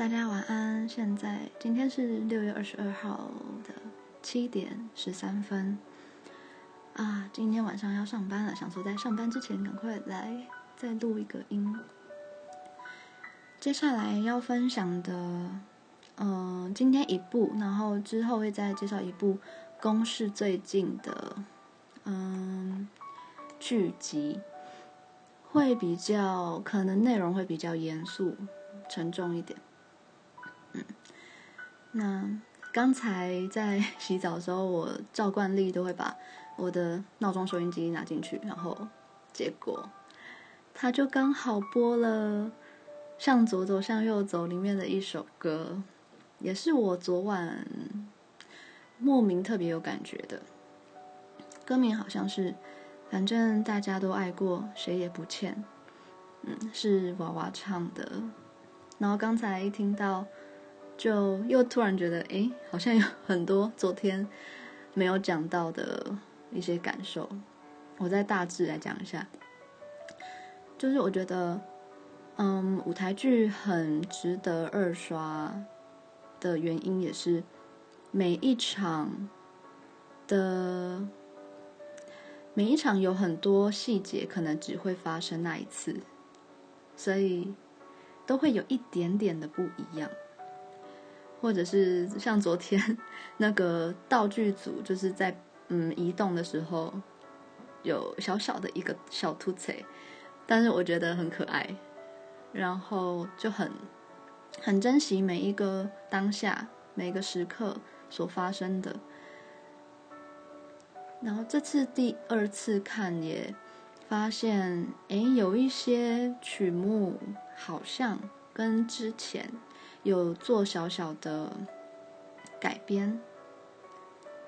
大家晚安！現在今天是六月二十二號的七點十三分，啊，今天晚上要上班了，想說在上班之前趕快來再錄一個音。接下來要分享的，嗯、呃，今天一部，然後之後會再介紹一部公視最近的，嗯，劇集，會比較可能內容會比較嚴肅、沉重一點。那剛才在洗澡的時候，我照慣例都會把我的鬧鐘、收音機拿進去，然後結果它就剛好播了《向左走，向右走》裡面的一首歌，也是我昨晚莫名特別有感覺的。歌名好像是，反正大家都愛過，誰也不欠。嗯，是娃娃唱的。然後剛才一聽到。就又突然覺得，哎，好像有很多昨天沒有講到的一些感受。我再大致來講一下，就是我覺得，嗯，舞台劇很值得二刷的原因，也是每一場的每一場有很多細節，可能只會發生那一次，所以都會有一點點的不一樣。或者是像昨天那個道具組，就是在嗯移動的時候，有小小的一個小兔子，但是我覺得很可愛，然後就很很珍惜每一個當下、每一個時刻所發生的。然後這次第二次看也發現，誒、欸，有一些曲目好像跟之前，有做小小的改編，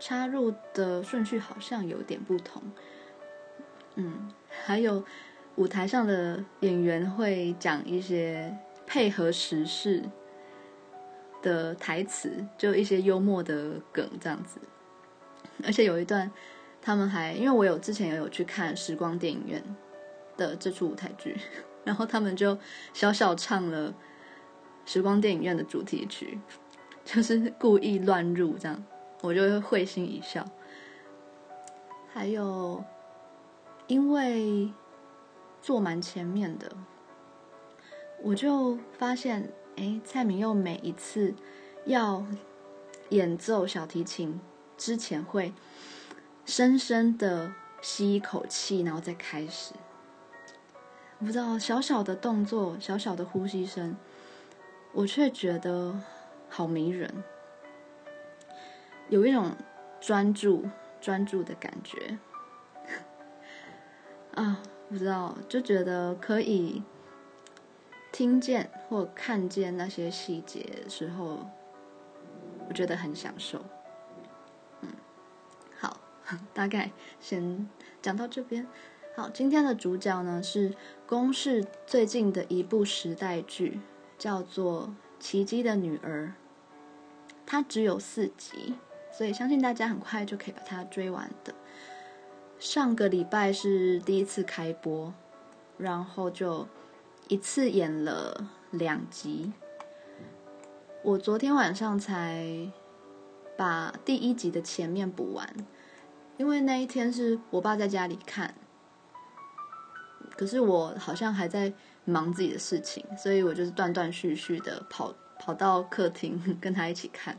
插入的順序好像有點不同。嗯，還有舞台上的演員會講一些配合時事的台詞，就一些幽默的梗這樣子。而且有一段他們還，因為我有之前也有去看時光電影院的這出舞台劇，然後他們就小小唱了。時光電影院的主題曲，就是故意亂入這樣，我就會會心一笑。還有，因為坐蠻前面的，我就發現，哎、欸，蔡明又每一次要演奏小提琴之前，會深深的吸一口氣，然後再開始。我不知道，小小的動作，小小的呼吸聲。我卻覺得好迷人，有一種專注、專注的感覺 啊！不知道，就覺得可以聽見或看見那些細節的時候，我覺得很享受。嗯，好，大概先講到這邊。好，今天的主角呢，是公視最近的一部時代劇。叫做《奇蹟的女兒》，她只有四集，所以相信大家很快就可以把她追完的。上個禮拜是第一次開播，然後就一次演了兩集。我昨天晚上才把第一集的前面補完，因為那一天是我爸在家裡看，可是我好像還在忙自己的事情，所以我就是斷斷續續的跑，跑到客廳跟他一起看，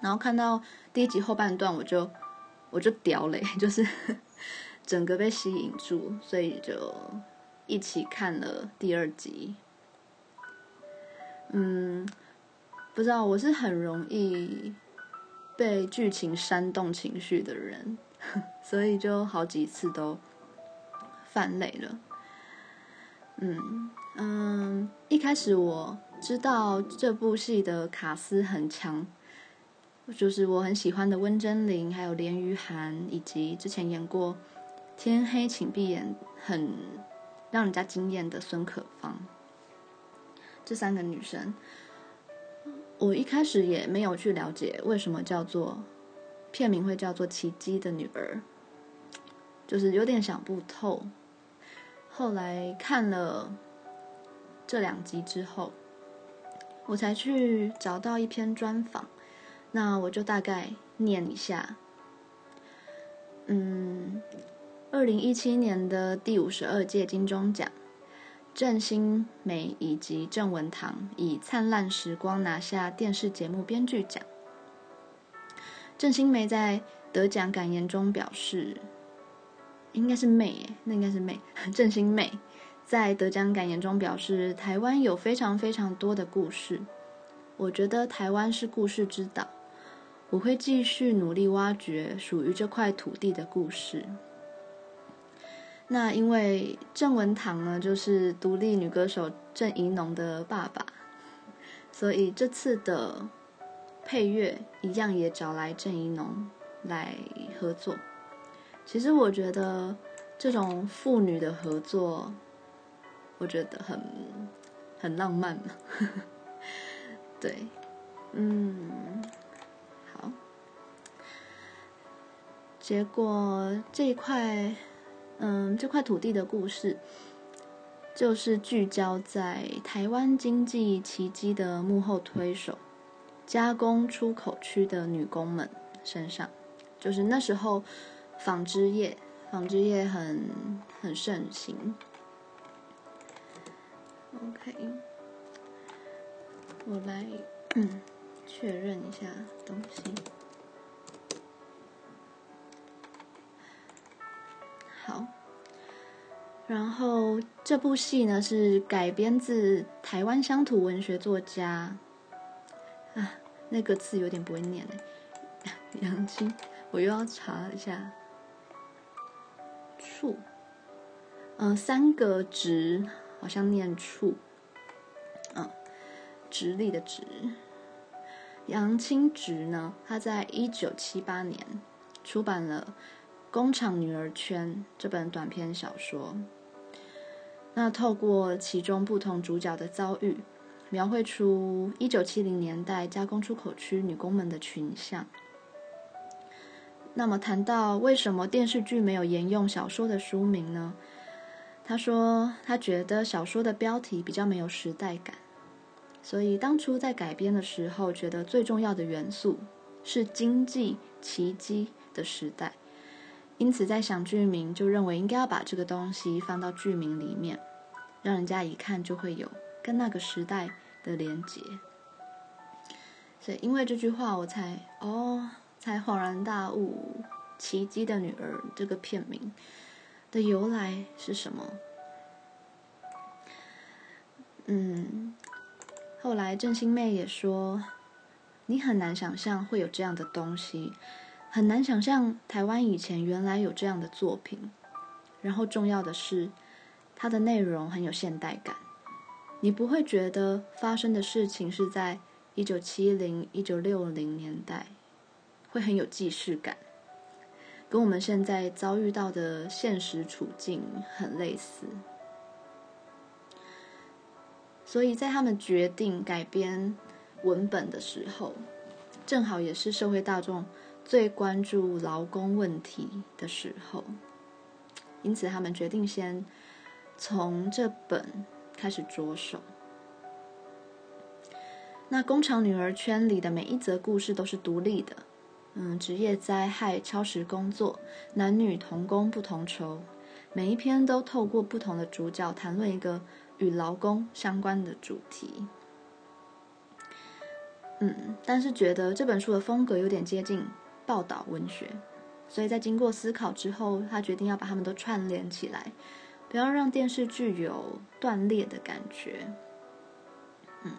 然後看到第一集後半段我，我就我就掉淚，就是整個被吸引住，所以就一起看了第二集。嗯，不知道我是很容易被劇情煽動情緒的人，所以就好幾次都犯淚了。嗯嗯，一開始我知道這部戲的卡司很強，就是我很喜歡的溫貞菱，還有連俞涵，以及之前演過《天黑請閉眼》很讓人家驚艷的孫可芳，這三個女生，我一開始也沒有去了解為什麼叫做片名會叫做《奇蹟的女兒》，就是有點想不透。後來看了這兩集之後，我才去找到一篇專訪。那我就大概念一下。嗯，二零一七年的第五十二屆金鐘獎，鄭欣梅以及鄭文堂以《燦爛時光》拿下電視節目編劇獎。鄭欣梅在得獎感言中表示，應該是妹欸，那應該是妹，鄭欣妹，在得獎感言中表示，台灣有非常非常多的故事，我覺得台灣是故事之島，我會繼續努力挖掘屬於這塊土地的故事。那因為鄭文堂呢，就是獨立女歌手鄭宜農的爸爸，所以這次的配樂一樣也找來鄭宜農來合作。其實我覺得這種父女的合作，我覺得很很浪漫嘛呵呵。對，嗯，好。結果這塊，嗯，這塊土地的故事，就是聚焦在台灣經濟奇迹的幕後推手——加工出口區的女工們身上，就是那時候。紡織業，紡織業很很盛行。OK，我來確認一下東西。好，然後這部戲呢是改編自台灣鄉土文學作家啊，那個字有點不會念呢。楊 青，我又要查一下。處，嗯、呃，三個直好像念處，嗯、啊，直立的直。楊青矗呢，他在一九七八年出版了《工廠女兒圈》這本短篇小說，那透過其中不同主角的遭遇，描繪出一九七零年代加工出口區女工們的群像。那麼談到為什麼電視劇沒有沿用小說的書名呢？他說他覺得小說的標題比較沒有時代感，所以當初在改編的時候，覺得最重要的元素是經濟奇蹟的時代，因此在想劇名就認為應該要把這個東西放到劇名裡面，讓人家一看就會有跟那個時代的連接。所以因為這句話我才哦。才恍然大悟，《奇蹟的女兒》這個片名的由來是什麼？嗯，後來鄭心媚也說，你很難想象會有這樣的東西，很難想象台灣以前原來有這樣的作品。然後，重要的是，它的內容很有現代感，你不會覺得發生的事情是在一九七零、一九六零年代。會很有既視感，跟我們現在遭遇到的現實處境很類似。所以在他們決定改編文本的時候，正好也是社會大眾最關注勞工問題的時候，因此他們決定先從這本開始着手。那《工廠女兒圈》裡的每一則故事都是獨立的。嗯，職業災害、超時工作，男女同工不同酬，每一篇都透過不同的主角談論一個與勞工相關的主題。嗯，但是覺得這本書的風格有點接近報道文學，所以在經過思考之後，他決定要把他們都串聯起來，不要讓電視劇有斷裂的感覺。嗯。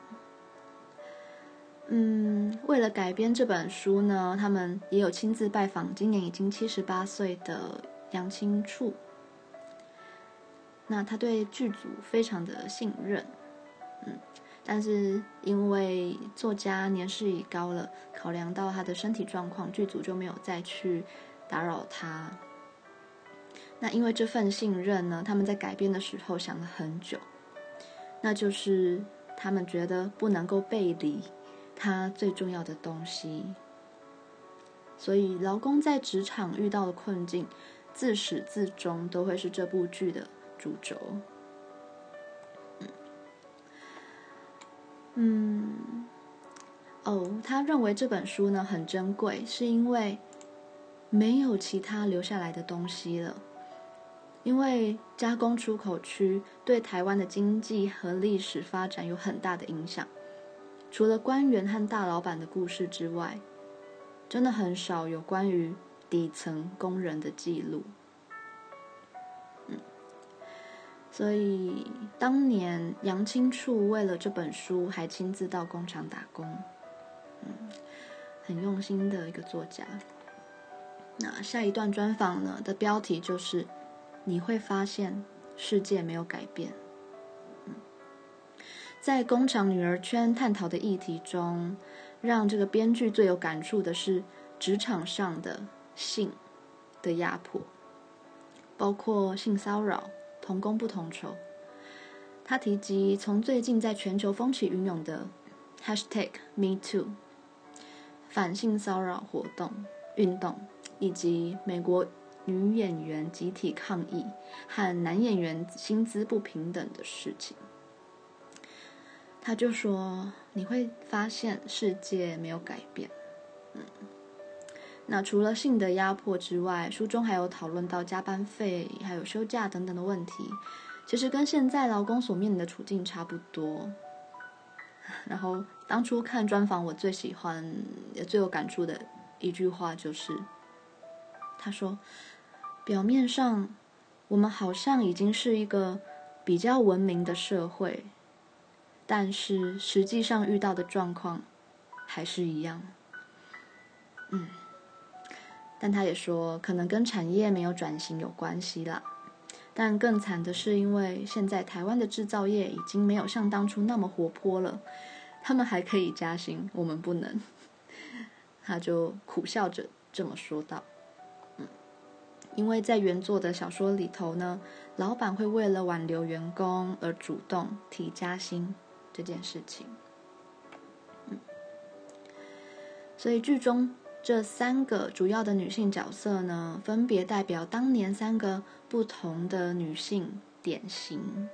嗯，為了改編這本書呢，他們也有親自拜訪今年已經七十八歲的楊青矗。那他對劇組非常的信任，嗯，但是因為作家年事已高了，考量到他的身體狀況，劇組就沒有再去打擾他。那因為這份信任呢，他們在改編的時候想了很久，那就是他們覺得不能夠背離。他最重要的東西，所以勞工在職場遇到的困境，自始至終都會是這部劇的主軸。嗯，嗯，哦，他認為這本書呢很珍貴，是因為沒有其他留下來的東西了，因為加工出口區對台灣的經濟和歷史發展有很大的影響。除了官員和大老板的故事之外，真的很少有關於底層工人的記錄。嗯，所以當年楊青矗為了這本書，還親自到工廠打工，嗯，很用心的一個作家。那下一段專訪呢的標題就是：你會發現世界沒有改變。在《工廠女兒圈》探討的議題中，讓這個編劇最有感觸的是職場上的性的壓迫，包括性騷擾、同工不同酬。他提及從最近在全球風起雲湧的 hashtag MeToo 反性騷擾活動運動，以及美國女演員集體抗議和男演員薪資不平等的事情。他就說：“你會發現世界沒有改變，嗯，那除了性的壓迫之外，書中還有討論到加班費、還有休假等等的問題，其實跟現在勞工所面臨的處境差不多。然後當初看專訪，我最喜歡也最有感觸的一句話就是，他說：表面上我們好像已經是一個比較文明的社會。”但是實際上遇到的狀況還是一樣，嗯。但他也說，可能跟產業沒有轉型有關係啦。但更慘的是，因為現在台灣的製造業已經沒有像當初那麼活潑了，他們還可以加薪，我們不能。他就苦笑着這麼說道，嗯，因為在原作的小說裡頭呢，老闆會為了挽留員工而主動提加薪。這件事情，所以劇中這三個主要的女性角色呢，分別代表當年三個不同的女性典型。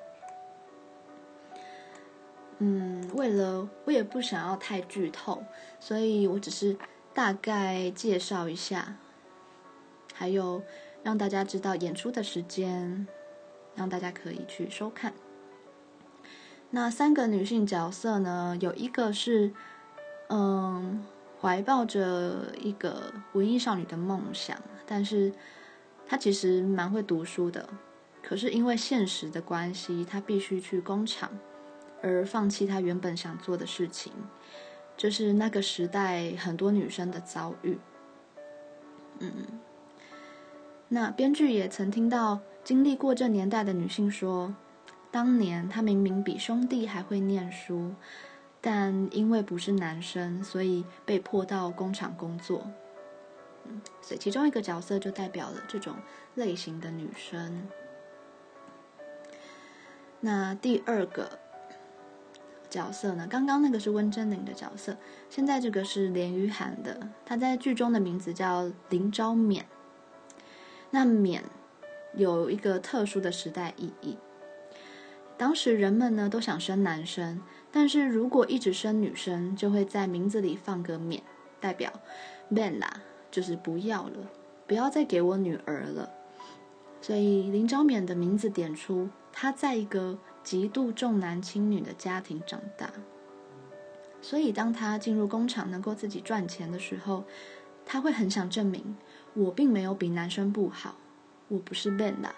嗯，為了我也不想要太劇透，所以我只是大概介紹一下，還有讓大家知道演出的時間，讓大家可以去收看。那三個女性角色呢？有一個是，嗯，懷抱着一個文藝少女的夢想，但是她其實蠻會讀書的。可是因為現實的關係，她必須去工廠，而放棄她原本想做的事情，就是那個時代很多女生的遭遇。嗯，那編劇也曾聽到經歷過這年代的女性說。當年他明明比兄弟還會念書，但因為不是男生，所以被迫到工廠工作。所以其中一個角色就代表了這種類型的女生。那第二個角色呢？剛剛那個是溫貞菱的角色，現在這個是連俞涵的。她在劇中的名字叫林昭勉。那“勉”有一個特殊的時代意義。當時人們呢都想生男生，但是如果一直生女生，就會在名字裡放個“免”，代表 ben 啦，就是不要了，不要再給我女兒了。所以林昭勉的名字點出他在一個極度重男輕女的家庭長大。所以當他進入工廠能夠自己賺錢的時候，他會很想證明：我並沒有比男生不好，我不是 ben 啦，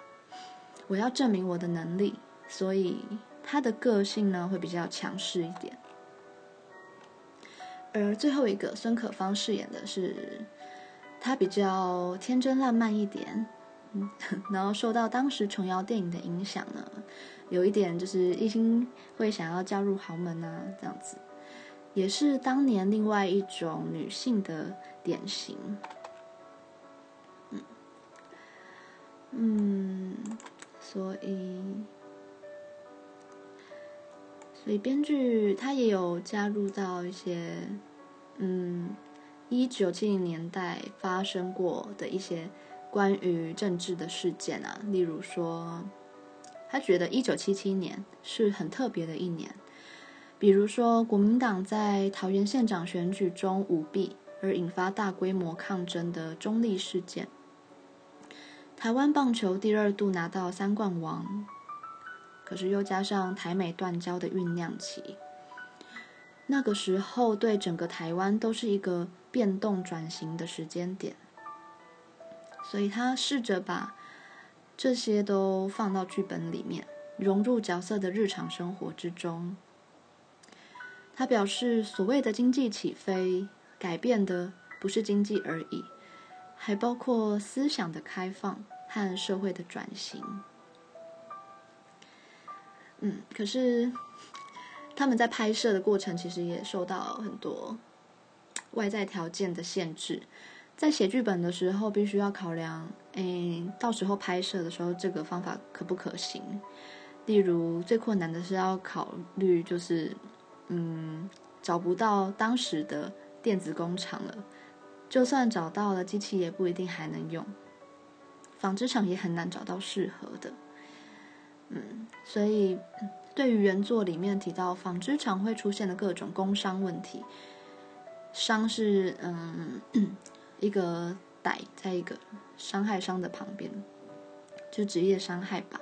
我要證明我的能力。所以她的個性呢會比較強勢一點，而最後一個孫可芳飾演的是她比較天真爛漫一點，嗯，然後受到當時瓊瑤電影的影響呢，有一點就是一心會想要嫁入豪門啊這樣子，也是當年另外一種女性的典型，嗯嗯，所以。所以編劇他也有加入到一些，嗯，一九七零年代發生過的一些關於政治的事件啊，例如說，他覺得一九七七年是很特別的一年，比如說國民黨在桃園縣長選舉中舞弊而引發大規模抗爭的中壢事件，台灣棒球第二度拿到三冠王。可是又加上台美斷交的醞釀期，那個時候對整個台灣都是一個變動轉型的時間點，所以他試着把這些都放到劇本裡面，融入角色的日常生活之中。他表示，所謂的經濟起飛，改變的不是經濟而已，還包括思想的開放和社會的轉型。嗯，可是他們在拍攝的過程其實也受到很多外在條件的限制。在寫劇本的時候，必須要考量，欸，到時候拍攝的時候這個方法可不可行？例如，最困難的是要考慮，就是嗯，找不到當時的電子工廠了。就算找到了，機器也不一定還能用。紡織廠也很難找到適合的。嗯，所以對於原作裡面提到紡織廠會出現的各種工傷問題，傷是嗯一個歹在一個傷害傷的旁邊，就職業傷害吧，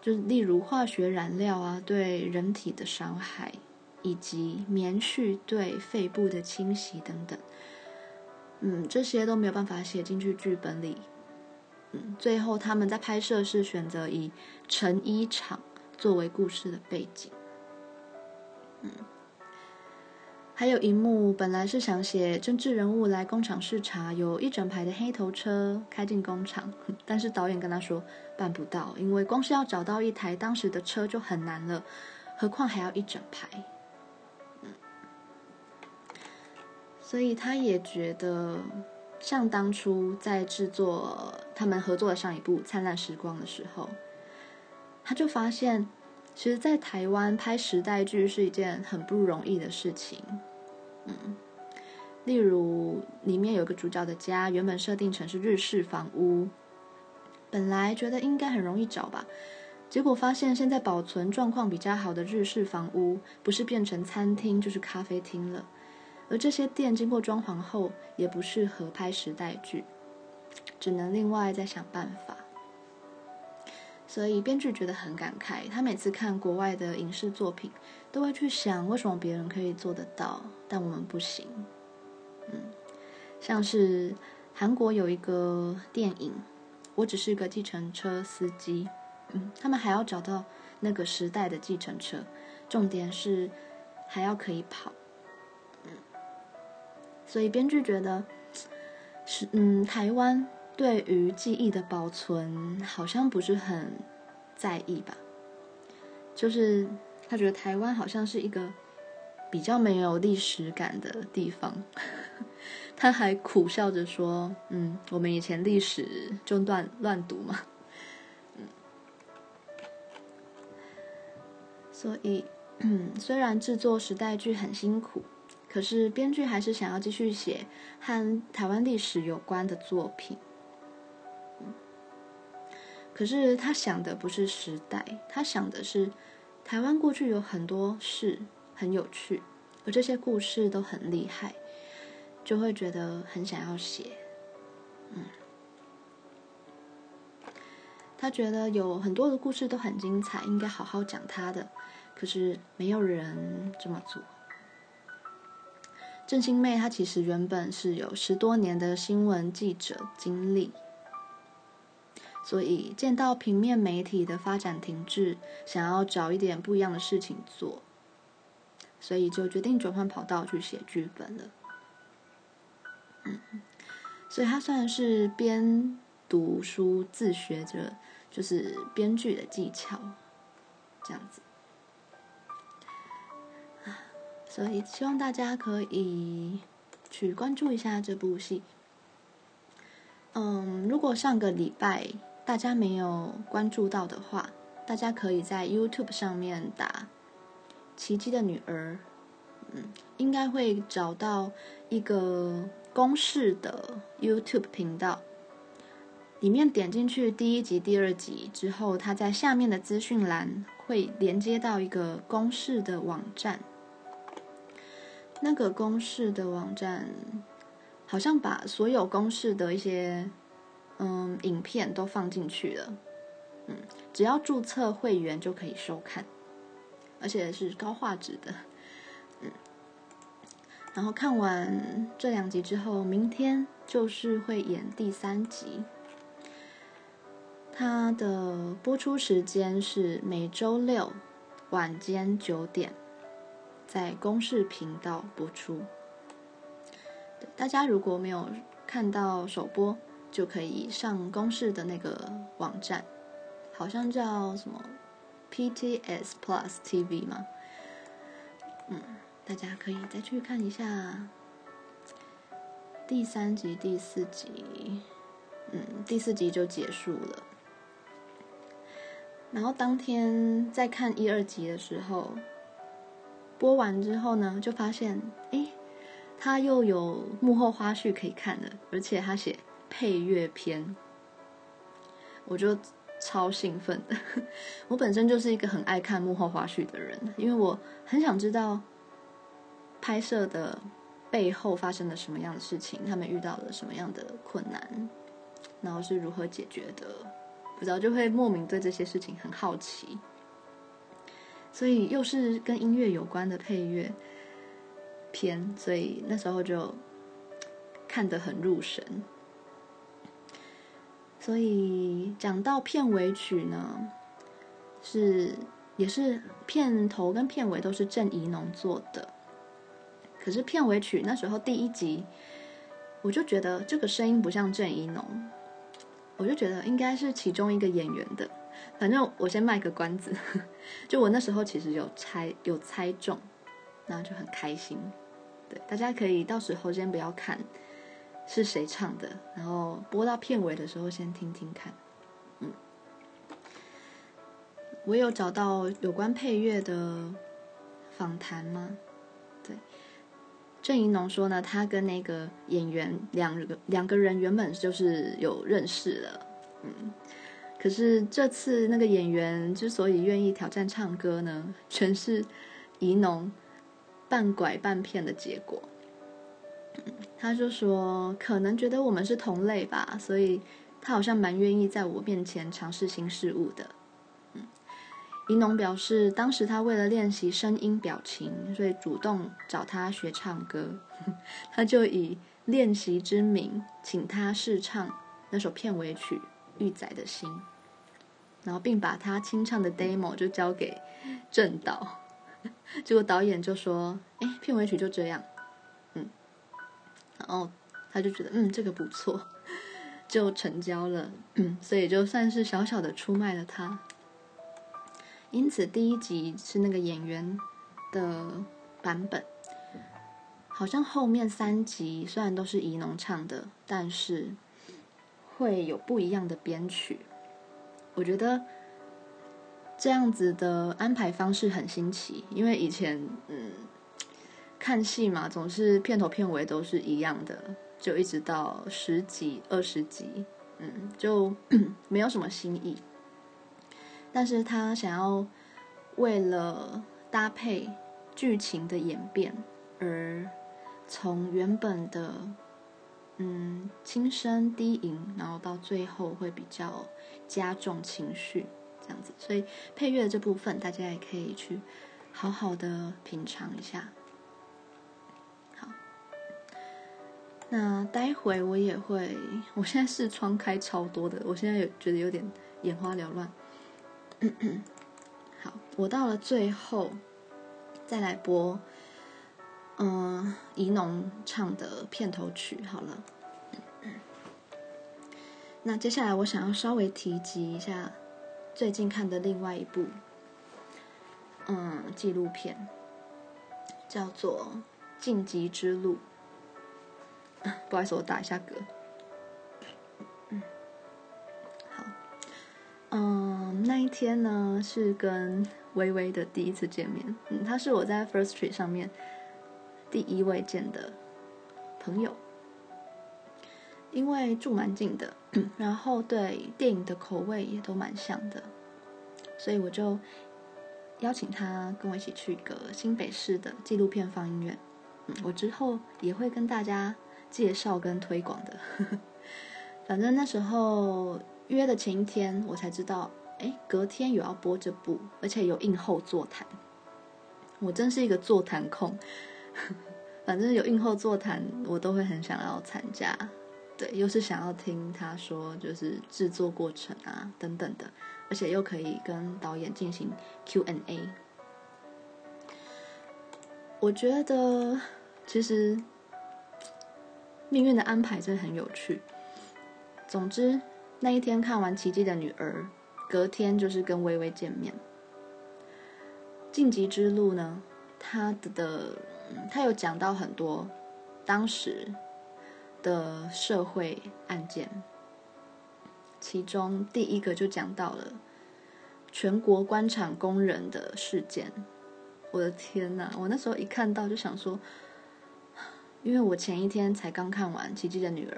就是例如化學染料啊對人體的傷害，以及棉絮對肺部的侵襲等等，嗯，這些都沒有辦法寫進去劇本裡。嗯、最後，他們在拍攝時選擇以成衣廠作為故事的背景、嗯。還有一幕本來是想寫政治人物來工廠視察，有一整排的黑頭車開進工廠，但是導演跟他說辦不到，因為光是要找到一台當時的車就很難了，何況還要一整排、嗯。所以他也覺得像當初在製作。他們合作的上一部《燦爛時光》的時候，他就發現，其實，在台灣拍時代劇是一件很不容易的事情。嗯，例如，裡面有一個主角的家，原本設定成是日式房屋，本來覺得應該很容易找吧，結果發現現在保存狀況比較好的日式房屋，不是變成餐廳，就是咖啡廳了，而這些店經過裝潢後，也不適合拍時代劇。只能另外再想辦法，所以編劇覺得很感慨。他每次看國外的影視作品，都會去想為什麼別人可以做得到，但我們不行。嗯，像是韓國有一個電影，我只是一個計程車司機，嗯，他們還要找到那個時代的計程車，重點是還要可以跑。嗯，所以編劇覺得，是，嗯，台灣。對於記憶的保存，好像不是很在意吧？就是他覺得台灣好像是一個比較沒有歷史感的地方。 他還苦笑着說：“嗯，我們以前歷史就亂，亂讀嘛。”嗯，所以，嗯，雖然製作時代劇很辛苦，可是編劇還是想要繼續寫和台灣歷史有關的作品。可是他想的不是時代，他想的是台灣過去有很多事很有趣，而這些故事都很厲害，就會覺得很想要寫。嗯，他覺得有很多的故事都很精彩，應該好好講他的，可是沒有人這麼做。鄭心媚她其實原本是有十多年的新聞記者經歷。所以見到平面媒體的發展停滯，想要找一點不一樣的事情做，所以就決定轉換跑道去寫劇本了。嗯，所以他算是邊讀書自學着，就是編劇的技巧，這樣子啊。所以希望大家可以去關注一下這部戲。嗯，如果上個禮拜。大家沒有關注到的話，大家可以在 YouTube 上面打“奇蹟的女兒”，嗯，應該會找到一個公視的 YouTube 頻道。裡面點進去第一集、第二集之後，它在下面的資訊欄會連接到一個公視的網站。那個公視的網站好像把所有公視的一些，嗯，影片都放進去了。嗯，只要注冊會員就可以收看，而且是高畫質的。嗯，然後看完這兩集之後，明天就是會演第三集。它的播出時間是每周六晚間九點，在公視頻道播出。大家如果沒有看到首播，就可以上公視的那個網站，好像叫什麼 PTS Plus TV 嗎？嗯，大家可以再去看一下第三集、第四集。嗯，第四集就結束了。然後當天在看一二集的時候，播完之後呢，就發現哎，他又有幕後花絮可以看的，而且他寫。配樂片，我就超興奮的。我本身就是一個很愛看幕後花絮的人，因為我很想知道拍攝的背後發生了什麼樣的事情，他們遇到了什麼樣的困難，然後是如何解決的。不知道就會莫名對這些事情很好奇，所以又是跟音樂有關的配樂片，所以那時候就看得很入神。所以講到片尾曲呢，是也是片頭跟片尾都是鄭宜農做的。可是片尾曲那時候第一集，我就覺得這個聲音不像鄭宜農，我就覺得應該是其中一個演員的。反正我先賣個關子，就我那時候其實有猜有猜中，那就很開心。對，大家可以到時候先不要看。是誰唱的？然後播到片尾的時候，先聽聽看。嗯，我有找到有關配樂的訪談嗎？對，鄭宜農說呢，他跟那個演員兩個兩個人原本就是有認識的。嗯，可是這次那個演員之所以願意挑戰唱歌呢，全是宜農半拐半騙的結果。嗯、他就說，可能覺得我們是同類吧，所以他好像蠻願意在我面前嘗試新事物的。嗯，銀農表示，當時他為了練習聲音表情，所以主動找他學唱歌，他就以練習之名請他試唱那首片尾曲《玉仔的心》，然後並把他清唱的 demo 就交給鄭導，結果導演就說：“哎，片尾曲就這樣。”然後他就覺得嗯這個不錯，就成交了，嗯，所以就算是小小的出賣了他。因此第一集是那個演員的版本，好像後面三集雖然都是宜農唱的，但是會有不一樣的編曲。我覺得這樣子的安排方式很新奇，因為以前嗯。看戲嘛，總是片頭片尾都是一樣的，就一直到十幾、二十集，嗯，就 沒有什麼新意。但是他想要為了搭配劇情的演變，而從原本的嗯輕聲低吟，然後到最後會比較加重情緒，這樣子。所以配樂這部分，大家也可以去好好的品嘗一下。那待會我也會，我現在是窗開超多的，我現在有覺得有點眼花繚亂。 好，我到了最後再來播，嗯，宜農唱的片頭曲。好了， 那接下來我想要稍微提及一下最近看的另外一部，嗯，紀錄片叫做《進擊之路》。不好意思，我打一下嗝。嗯，好，嗯，那一天呢是跟微微的第一次見面，嗯，她是我在 First Street 上面第一位見的朋友，因為住蠻近的，然後對電影的口味也都蠻像的，所以我就邀請她跟我一起去一個新北市的紀錄片放映院，嗯。我之後也會跟大家。介紹跟推廣的， 反正那時候約的前一天，我才知道，欸，隔天有要播這部，而且有映後座談，我真是一個座談控， 反正有映後座談，我都會很想要參加，對，又是想要聽他說，就是製作過程啊等等的，而且又可以跟導演進行 Q&A，我覺得其實。命運的安排真的很有趣。總之，那一天看完《奇蹟的女兒》，隔天就是跟微微見面。進擊之路呢，她的她有講到很多當時的社會案件，其中第一個就講到了全國關廠工人的事件。我的天哪、啊！我那時候一看到就想說。因為我前一天才剛看完《奇蹟的女兒》，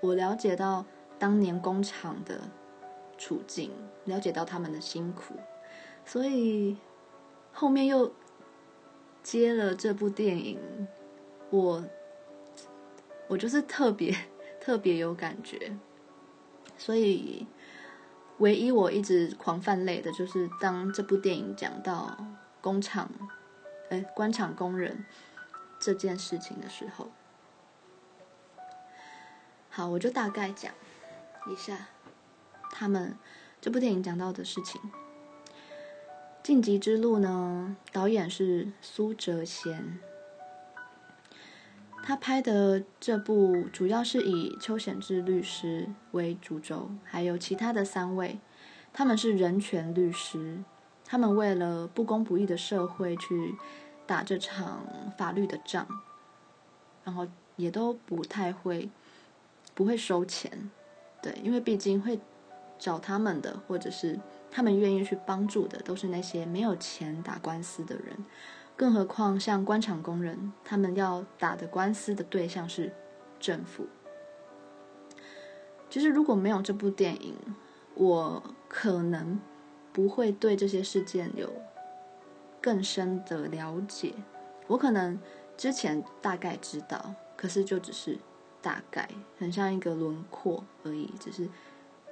我了解到當年工廠的處境，了解到他們的辛苦，所以後面又接了這部電影，我我就是特別特別有感覺，所以唯一我一直狂犯淚的就是當這部電影講到工廠，哎，關廠工人，這件事情的時候，好，我就大概講一下他們這部電影講到的事情。進擊之路呢，導演是蘇哲賢，他拍的這部主要是以邱顯智律師為主軸，還有其他的三位，他們是人權律師，他們為了不公不義的社會去。打這場法律的仗，然後也都不太會，不會收錢，對，因為畢竟會找他們的，或者是他們願意去幫助的，都是那些沒有錢打官司的人。更何況像關廠工人，他們要打的官司的對象是政府。其實如果沒有這部電影，我可能不會對這些事件有。更深的了解，我可能之前大概知道，可是就只是大概，很像一個輪廓而已。只是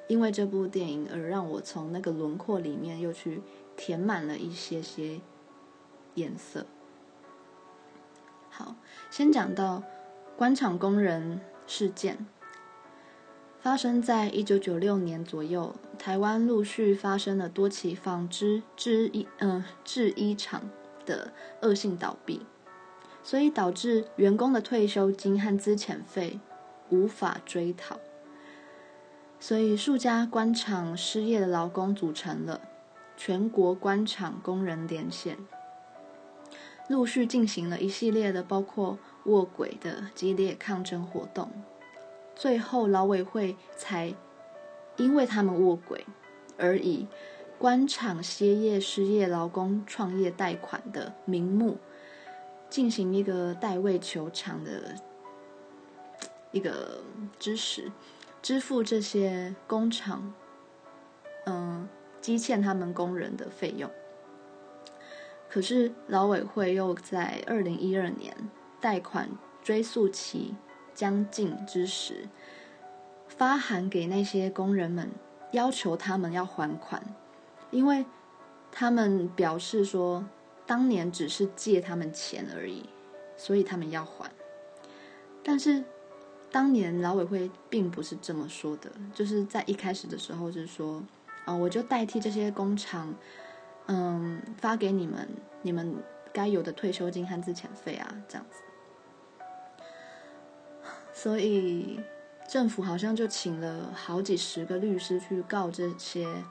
因為這部電影，而讓我從那個輪廓裡面又去填滿了一些些顏色。好，先講到關廠工人事件。發生在一九九六年左右，台灣陸續發生了多起紡織制,制衣嗯、呃、制衣廠的惡性倒閉，所以導致員工的退休金和資遣費無法追討，所以數家關廠失業的勞工組成了全國關廠工人連線，陸續進行了一系列的包括臥軌的激烈抗爭活動。最後，勞委會才因為他們臥軌，而以關廠歇業、失業勞工創業貸款的名目，進行一個代位求償的一個支持，支付這些工廠嗯積欠他們工人的費用。可是，勞委會又在二零一二年貸款追溯期，將近之時，發函給那些工人們，要求他們要還款，因為他們表示說，當年只是借他們錢而已，所以他們要還。但是當年勞委會並不是這麼說的，就是在一開始的時候是說，啊、哦，我就代替這些工廠，嗯，發給你們你們該有的退休金和資遣費啊，這樣子。所以，政府好像就請了好幾十個律師去告這些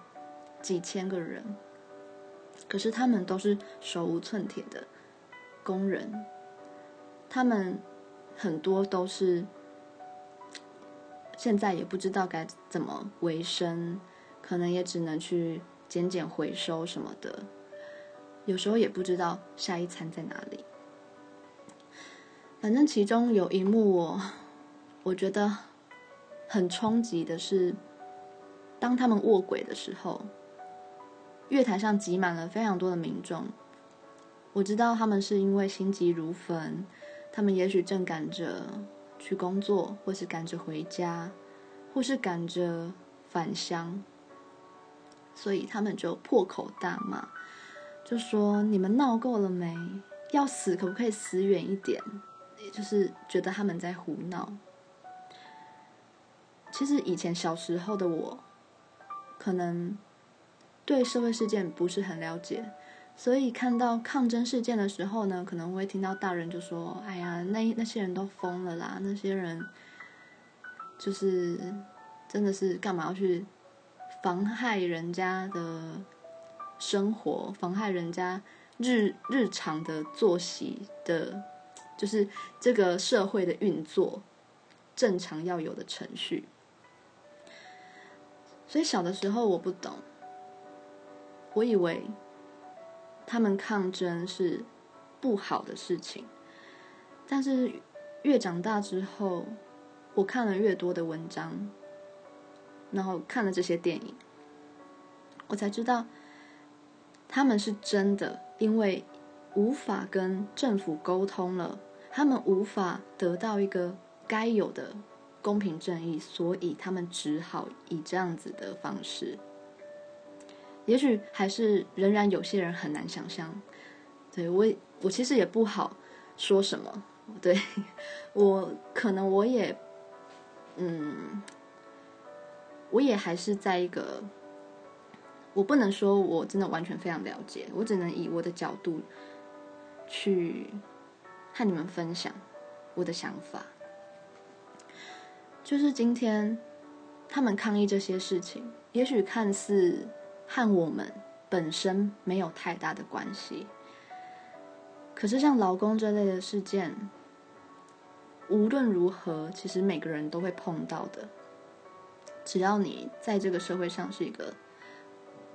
幾千個人，可是他們都是手無寸鐵的工人，他們很多都是現在也不知道該怎麼維生，可能也只能去撿撿回收什麼的，有時候也不知道下一餐在哪裡。反正其中有一幕。我。我覺得很衝擊的是，當他們臥軌的時候，月台上擠滿了非常多的民眾。我知道他們是因為心急如焚，他們也許正趕着去工作，或是趕着回家，或是趕着返鄉，所以他們就破口大罵，就說：“你們鬧夠了沒？要死可不可以死遠一點？”也就是覺得他們在胡鬧。其實以前小時候的我，可能對社會事件不是很了解，所以看到抗爭事件的時候呢，可能會聽到大人就說：“哎呀，那那些人都瘋了啦，那些人就是真的是幹嘛要去妨害人家的生活，妨害人家日日常的作息的，就是這個社會的運作正常要有的程序。”所以小的時候我不懂，我以為他們抗爭是不好的事情，但是越長大之後，我看了越多的文章，然後看了這些電影，我才知道他們是真的，因為無法跟政府溝通了，他們無法得到一個該有的。公平正義，所以他們只好以這樣子的方式。也許還是仍然有些人很難想象，對，我我其實也不好說什麼。對，我可能我也，嗯，我也還是在一個，我不能說我真的完全非常了解，我只能以我的角度去和你們分享我的想法。就是今天，他們抗議這些事情，也許看似和我們本身沒有太大的關係。可是像勞工這類的事件，無論如何，其實每個人都會碰到的。只要你在這個社會上是一個，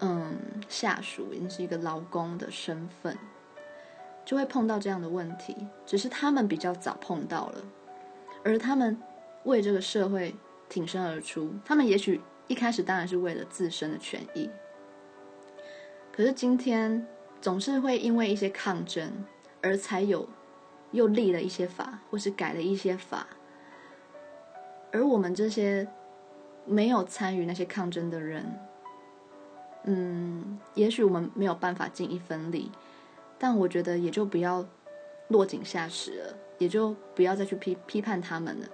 嗯，下屬，你是一個勞工的身份，就會碰到這樣的問題。只是他們比較早碰到了，而他們，為這個社會挺身而出，他們也許一開始當然是為了自身的權益，可是今天總是會因為一些抗爭而才有又立了一些法或是改了一些法，而我們這些沒有參與那些抗爭的人，嗯，也許我們沒有辦法盡一分力，但我覺得也就不要落井下石了，也就不要再去批批判他們了。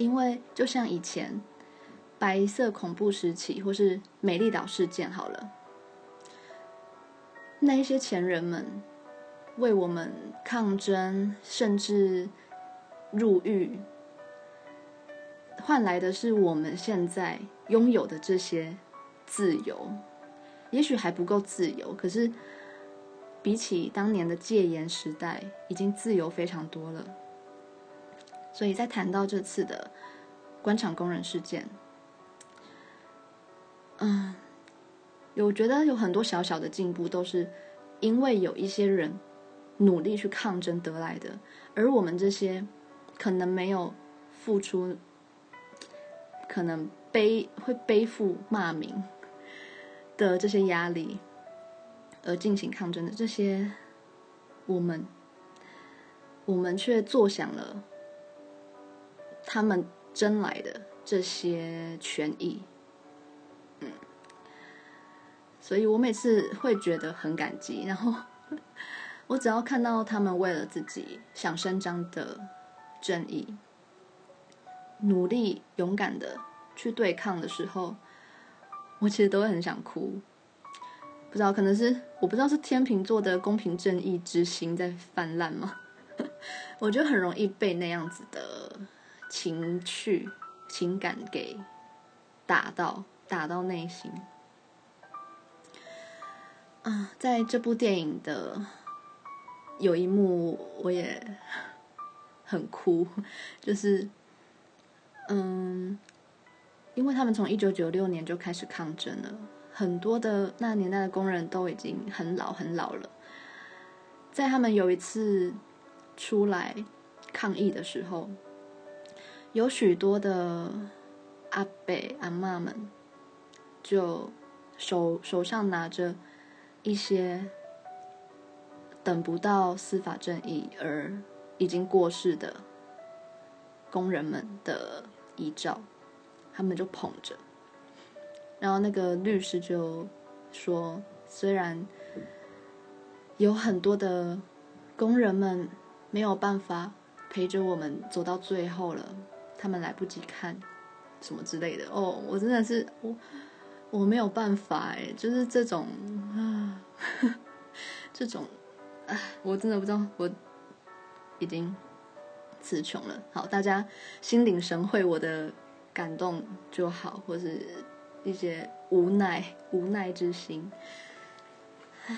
因為就像以前白色恐怖時期，或是美麗島事件好了，那一些前人們為我們抗爭，甚至入獄，換來的是我們現在擁有的這些自由。也許還不夠自由，可是比起當年的戒嚴時代，已經自由非常多了。所以在談到這次的關廠工人事件，嗯，有覺得有很多小小的進步都是因為有一些人努力去抗爭得來的，而我們這些可能沒有付出，可能背會背負罵名的這些壓力而進行抗爭的這些我們，我們卻坐享了。他們爭來的這些權益，嗯，所以我每次會覺得很感激。然後我只要看到他們為了自己想伸張的正義，努力勇敢的去對抗的時候，我其實都會很想哭。不知道可能是我不知道是天秤座的公平正義之心在泛濫嗎？我覺得很容易被那樣子的。情趣情感給打到打到內心。啊、呃，在這部電影的有一幕我也很哭，就是嗯，因為他們從一九九六年就開始抗爭了，很多的那年代的工人都已經很老很老了，在他們有一次出來抗議的時候。有許多的阿伯阿嬤們，就手手上拿着一些等不到司法正義而已經過世的工人們的遺照，他們就捧着。然後那個律師就說：“雖然有很多的工人們沒有辦法陪着我們走到最後了。”他們來不及看，什麼之類的哦，我真的是我，我沒有辦法哎、欸，就是這種啊，這種啊，我真的不知道，我已經詞窮了。好，大家心領神會我的感動就好，或是一些無奈無奈之心唉。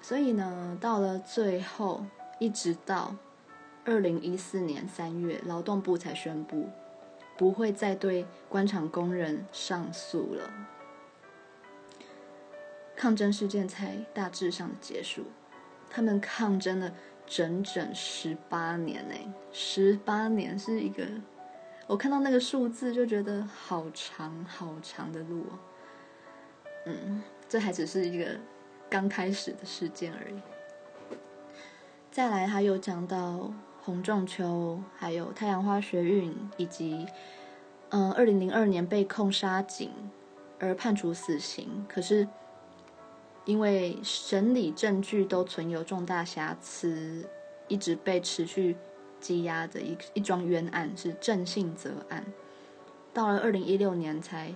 所以呢，到了最後，一直到。二零一四年三月，勞動部才宣布，不會再對關廠工人上訴了，抗爭事件才大致上的結束。他們抗爭了整整十八年誒、欸，十八年是一個，我看到那個數字就覺得好長好長的路哦。嗯，這還只是一個剛開始的事件而已。再來，他又講到。洪仲丘，還有太陽花學運，以及嗯，二零零二年被控殺警而判處死刑，可是因為審理證據都存有重大瑕疵，一直被持續羈押的一一樁冤案，是鄭性澤案。到了二零一六年才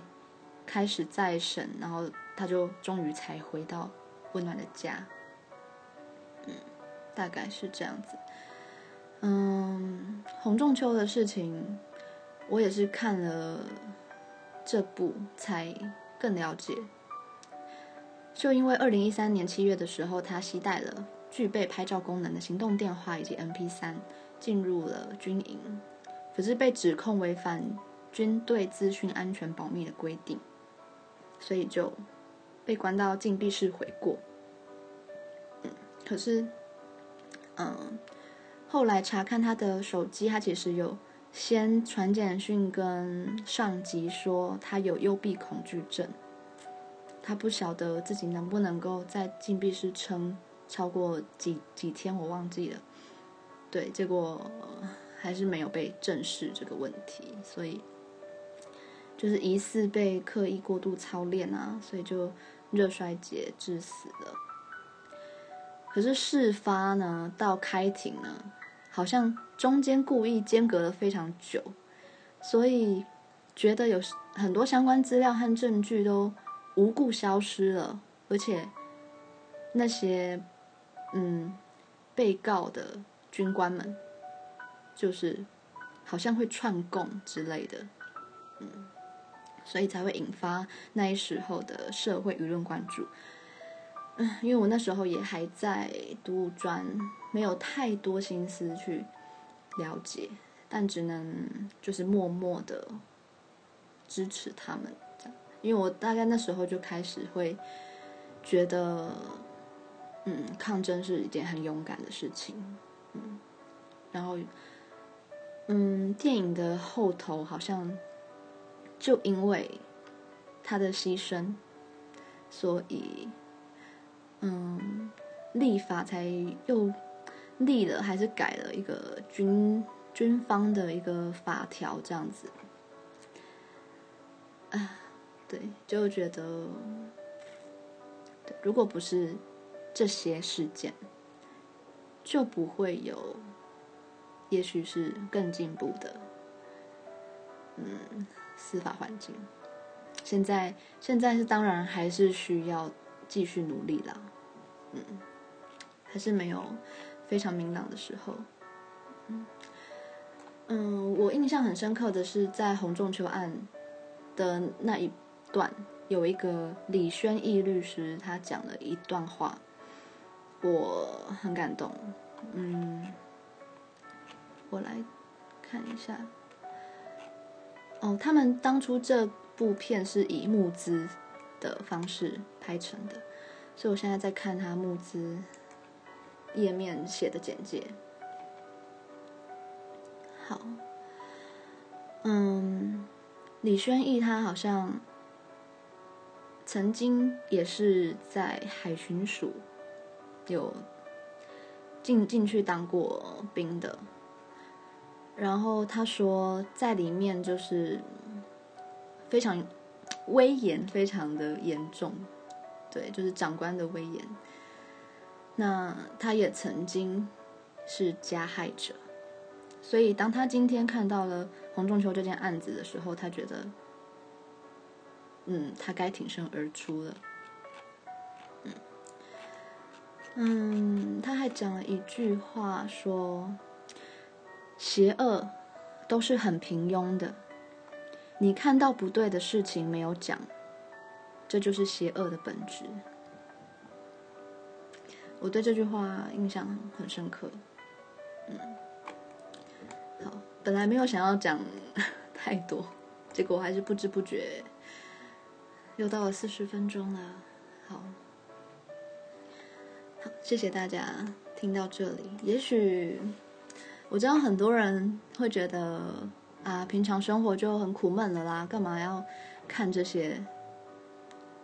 開始再審，然後他就終於才回到溫暖的家。嗯，大概是這樣子。嗯，洪仲丘的事情，我也是看了這部才更了解。就因為二零一三年七月的時候，他攜帶了具備拍照功能的行動電話以及 MP3 進入了軍營，可是被指控違反軍隊資訊安全保密的規定，所以就被關到禁閉室悔過。嗯。可是，嗯。後來查看他的手機，他其實有先傳簡訊跟上級說，他有幽閉恐懼症，他不曉得自己能不能夠在禁閉室撐超過幾幾天，我忘記了。對，結果，呃，還是沒有被正視這個問題，所以就是疑似被刻意過度操練啊，所以就熱衰竭致死了。可是事發呢，到開庭呢，好像中間故意間隔了非常久，所以覺得有很多相關資料和證據都無故消失了，而且那些嗯被告的軍官們，就是好像會串供之類的，嗯，所以才會引發那一時候的社會輿論關注。嗯，因為我那時候也還在讀專，沒有太多心思去了解，但只能就是默默的支持他們，這樣。因為我大概那時候就開始會覺得，嗯，抗爭是一件很勇敢的事情。嗯，然後，嗯，電影的後頭好像就因為他的犧牲，所以。嗯，立法才又立了還是改了一個軍軍方的一個法條這樣子啊，對，就覺得，如果不是這些事件，就不會有，也許是更進步的，嗯，司法環境，現在現在是當然還是需要。繼續努力啦，嗯，還是沒有非常明朗的時候，嗯，嗯，我印象很深刻的是在洪仲丘案的那一段，有一個李宣毅律師，他講了一段話，我很感動，嗯，我來看一下，哦，他們當初這部片是以募資。的方式拍成的，所以我現在在看他募資頁面寫的簡介。好，嗯，李軒逸他好像曾經也是在海巡署有進進去當過兵的，然後他說在裡面就是非常。威嚴非常的嚴重，對，就是長官的威嚴。那他也曾經是加害者，所以當他今天看到了洪仲丘這件案子的時候，他覺得，嗯，他該挺身而出了。嗯，嗯他還講了一句話，說，邪惡都是很平庸的。你看到不對的事情沒有講，這就是邪惡的本質。我對這句話印象很深刻。嗯，好，本來沒有想要講太多，結果還是不知不覺又到了四十分鐘了。好，好，謝謝大家聽到這裡。也許我知道很多人會覺得。啊，平常生活就很苦悶了啦，幹嘛要看這些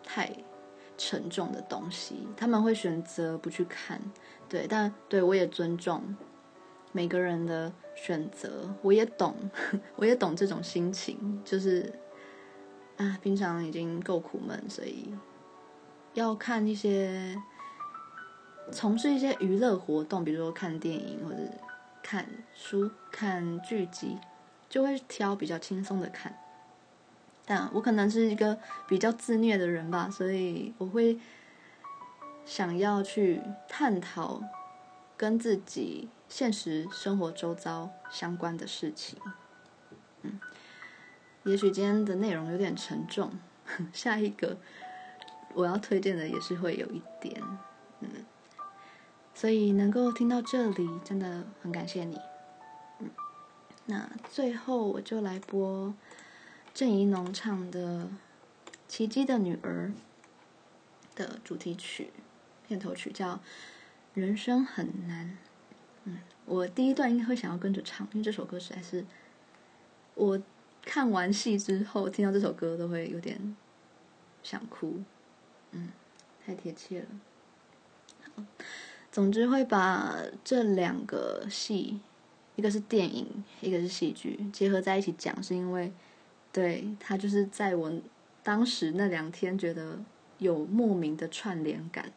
太沉重的東西？他們會選擇不去看，對，但對我也尊重每個人的選擇，我也懂，我也懂這種心情，就是啊，平常已經夠苦悶，所以要看一些從事一些娛樂活動，比如說看電影或者看書、看劇集。就會挑比較輕鬆的看，但我可能是一個比較自虐的人吧，所以我會想要去探討跟自己現實生活周遭相關的事情。嗯，也許今天的內容有點沉重，下一個我要推薦的也是會有一點，嗯，所以能夠聽到這裡，真的很感謝你。那最後我就來播鄭宜農唱的《奇蹟的女兒》的主題曲片頭曲，叫《人生很難》。嗯，我第一段應該會想要跟着唱，因為這首歌實在是我看完戲之後聽到這首歌都會有點想哭。嗯，太貼切了。好，總之會把這兩個戲。一個是電影，一個是戲劇，結合在一起講是因為，對，他就是在我當時那兩天覺得有莫名的串聯感。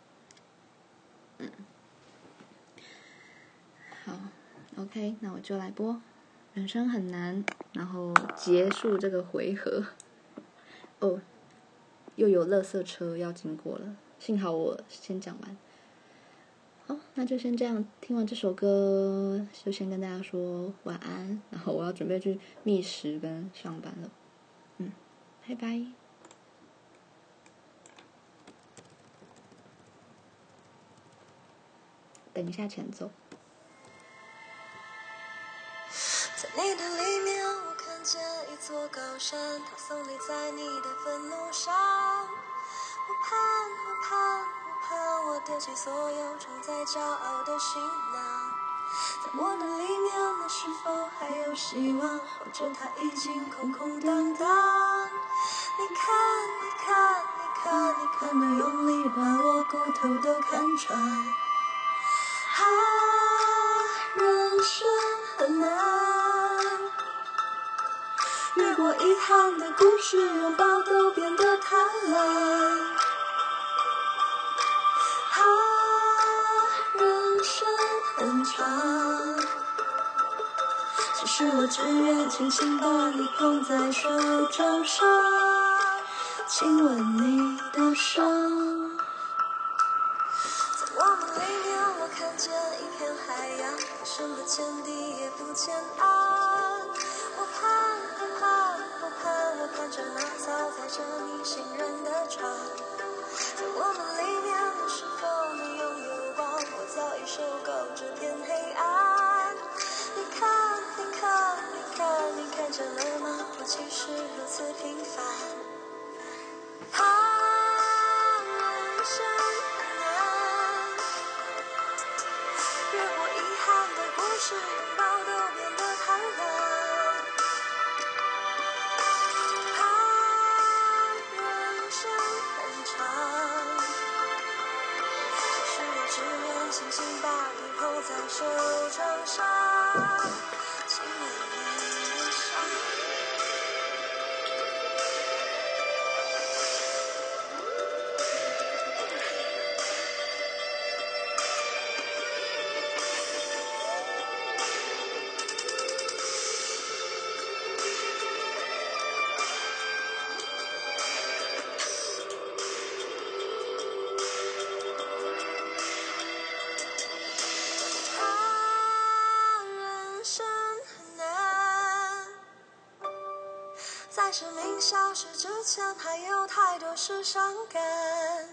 嗯，好，OK，那我就來播，人生很難，然後結束這個回合。哦，又有垃圾車要經過了，幸好我先講完。好，那就先這樣，聽完這首歌就先跟大家說晚安，然後我要準備去覓食跟上班了。嗯，拜拜。等一下，前奏。在你的裡面我看見一座高山，它聳立在你的墳墓上我盼，我盼我丟棄所有裝在驕傲的行囊，但我的裡面，那是否還有希望？或者它已經空空蕩蕩？你看，你看，你看，你看，那用力把我骨頭都看穿。啊，人生很難，越過遺憾的故事，擁抱都變得貪婪。很長。其實我只願輕輕把你捧在手掌上，上，親吻你的傷。在我們裡面，我看見一片海洋，深不見底，也不見岸。我盼，我盼，我盼，我盼着浪潮蓋着你信任的床。在我們裡面，是否你擁有？早已受夠這片黑暗你。你看，你看，你看，你看見了嗎？我其實如此平凡。旁人生難，越過遺憾的故事，擁抱的面。消失之前，還有太多事傷感。